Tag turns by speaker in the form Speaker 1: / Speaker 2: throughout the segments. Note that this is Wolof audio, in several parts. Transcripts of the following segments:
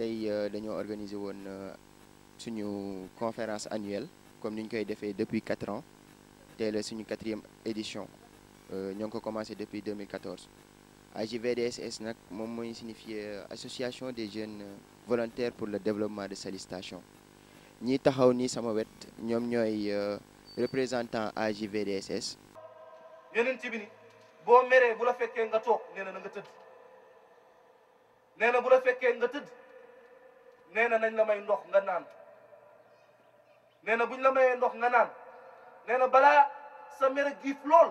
Speaker 1: tey euh, dañoo organiser won euh, suñu conférence annuelle comme nous koy défé depuis 4 ans té la suñu e édition euh ñong ko commencé depuis 2014 AJVDSS nak mom moy signifier euh, association des jeunes volontaires pour le développement de Salistation. ñi taxaw ni sama wette ñom ñoy représentant AJVDSS
Speaker 2: yeneen ci bi ni bo méré bu la fekkee nga tok néna nga tëdd nee bu la nga tëdd nee na nañ la may ndox nga naan nee na buñ la mayee ndox nga naan nee na balaa sa mere giif lool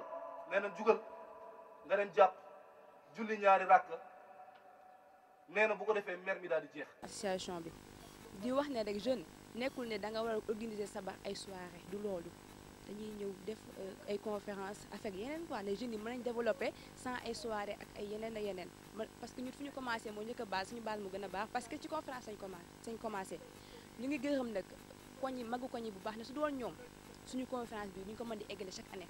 Speaker 2: nee na jugal nga dem jàpp julli ñaari ràkk nee na bu ko defee mer mi daal di jeex.
Speaker 1: association bi di wax ne rek jeune nekkul ne da nga war a organiser sabar ay soirée du loolu. dañuy ñëw def euh, ay conférence avec yeneen quoi les jeunes yi mën nañ développer sans ay soirée ak ay yeneen a yeneen parce que ñun fu ñu commencé moo njëkk a base suñu base mu gën a baax parce que ci conférence sañ commencé sañ commencé ñu ngi gërëm nag koñi magu koñi bu baax ne su doon ñoom suñu conférence bi ñu ko mën di eggale chaque année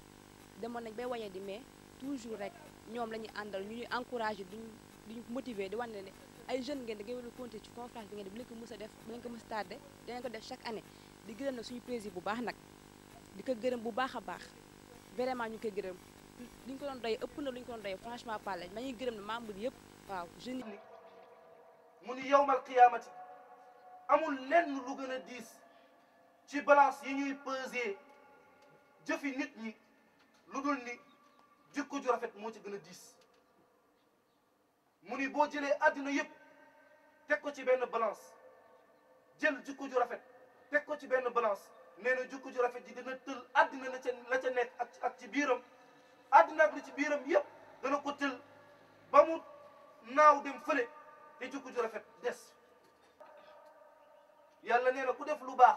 Speaker 1: demoon nañ bay wayee di mais toujours rek ñoom la ñuy àndal ñu ñuy encouragé duñ duñu motiver di wane ne ay jeunes ngeen da ngay war a ci conférence bi ngeen di bu leen ko mës a def bu leen ko mës a tardé dinañ ko def chaque année di gërëm nag suñu président bu baax nag di ko gërëm bu baax a baax vraiment ñu koy gërëm li ñu ko doon doy ëpp na lu ñu ko doon doy franchement parler ma ñuy gërëm ne yëpp waaw jeune ni
Speaker 2: mu ni yowmal qiyaamati amul lenn lu gën a diis ci balance yi ñuy peser jëfi nit ñi lu dul ni jukko ju rafet moo ci gën a diis mu ni boo jëlee àddina yëpp teg ko ci benn balance jël jikko ju rafet teg ko ci benn balance nee na jukku ju rafet ji dana tël àddina la ca la ca nekk ak ak ci biiram àddina ak li ci biiram yëpp dana ko tël ba mu naaw dem fële te jukku ju rafet des yàlla nee ku def lu baax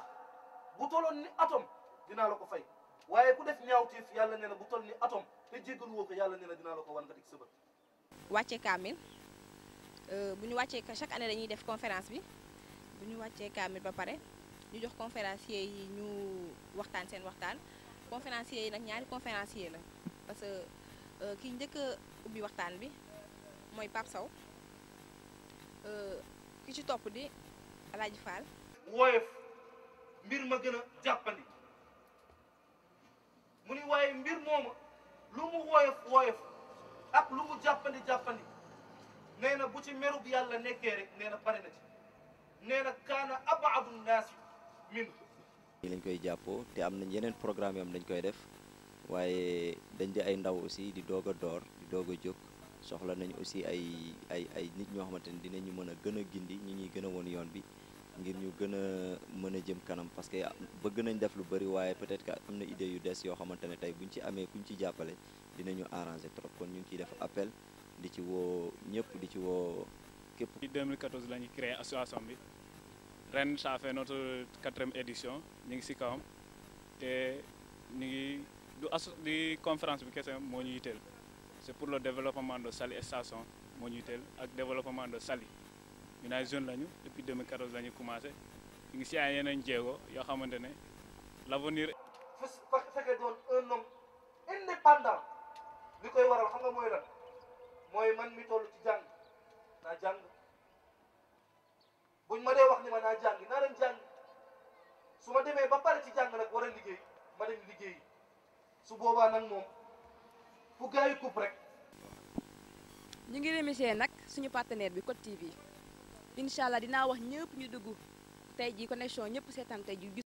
Speaker 2: bu toloon ni atom dinaa la ko fay waaye ku def ñaawteef yàlla nee na bu tol ni atom te jéggal woo ko yàlla nee na dinaa la ko wan nga dig sëbat
Speaker 1: wàcce kaamil euh, bu ñu wàccee chaque année dañuy def conférence bi bu ñu wàccee kaamil ba pare ñu jox conférencier yi ñu waxtaan seen waxtaan conférencier yi nag ñaari conférencier la parce que euh, ki njëkk a ubbi waxtaan bi mooy Pape Sow euh, ki
Speaker 2: ci topp di Alaaji Fall woyof mbir ma gën a jàppandi mu ni waaye mbir mooma lu mu woyof woyof ak lu mu jàppandi jàppandi nee bu ci merub yàlla nekkee rek nee na pare na ci nee na kaana abaadu naasi
Speaker 1: lañ koy jàppoo te am nañ yeneen programme yoo dañ koy def waaye dañ di ay ndaw aussi di doog a door di doog a jóg soxla nañu aussi ay ay ay nit ñoo xamante ni dinañu mën a gën a gindi ñi ñuy gën a woon yoon bi ngir ñu gën a mën a jëm kanam parce que bëgg nañ def lu bëri waaye peut-être que am na idée yu des yoo xamante ne tey buñ ci amee kuñ ci jàppale dinañu arranger trop kon ñu
Speaker 2: ngi ciy def appel di ci woo ñëpp di ci woo képp. 2014 la ñu créé association bi. Rennes, ça a fait notre quatrième édition. Nous sommes ici. Et nous avons une conférence qui C'est pour le développement de Sali et Sasson, monitel, et le développement de Sali. Nous sommes jeunes depuis 2014. Nous avons commencé. Nous avons ici. Nous sommes ici. Nous L'avenir. Parce un homme indépendant. Nous sommes ici. Nous sommes ici. Nous avons ici. Nous sommes ici. Nous sommes ma dee wax ni ma naa jàng naa dem jàng su ma demee ba pare ci jàng nag war a liggéey ma dem liggéey su boobaa nag moom fu gars yi coupe rek.
Speaker 1: ñu ngi remercier nag suñu partenaire bi Code TV incha allah dinaa wax ñëpp ñu dugg tey ji connexion ñëpp seetaan tey ji.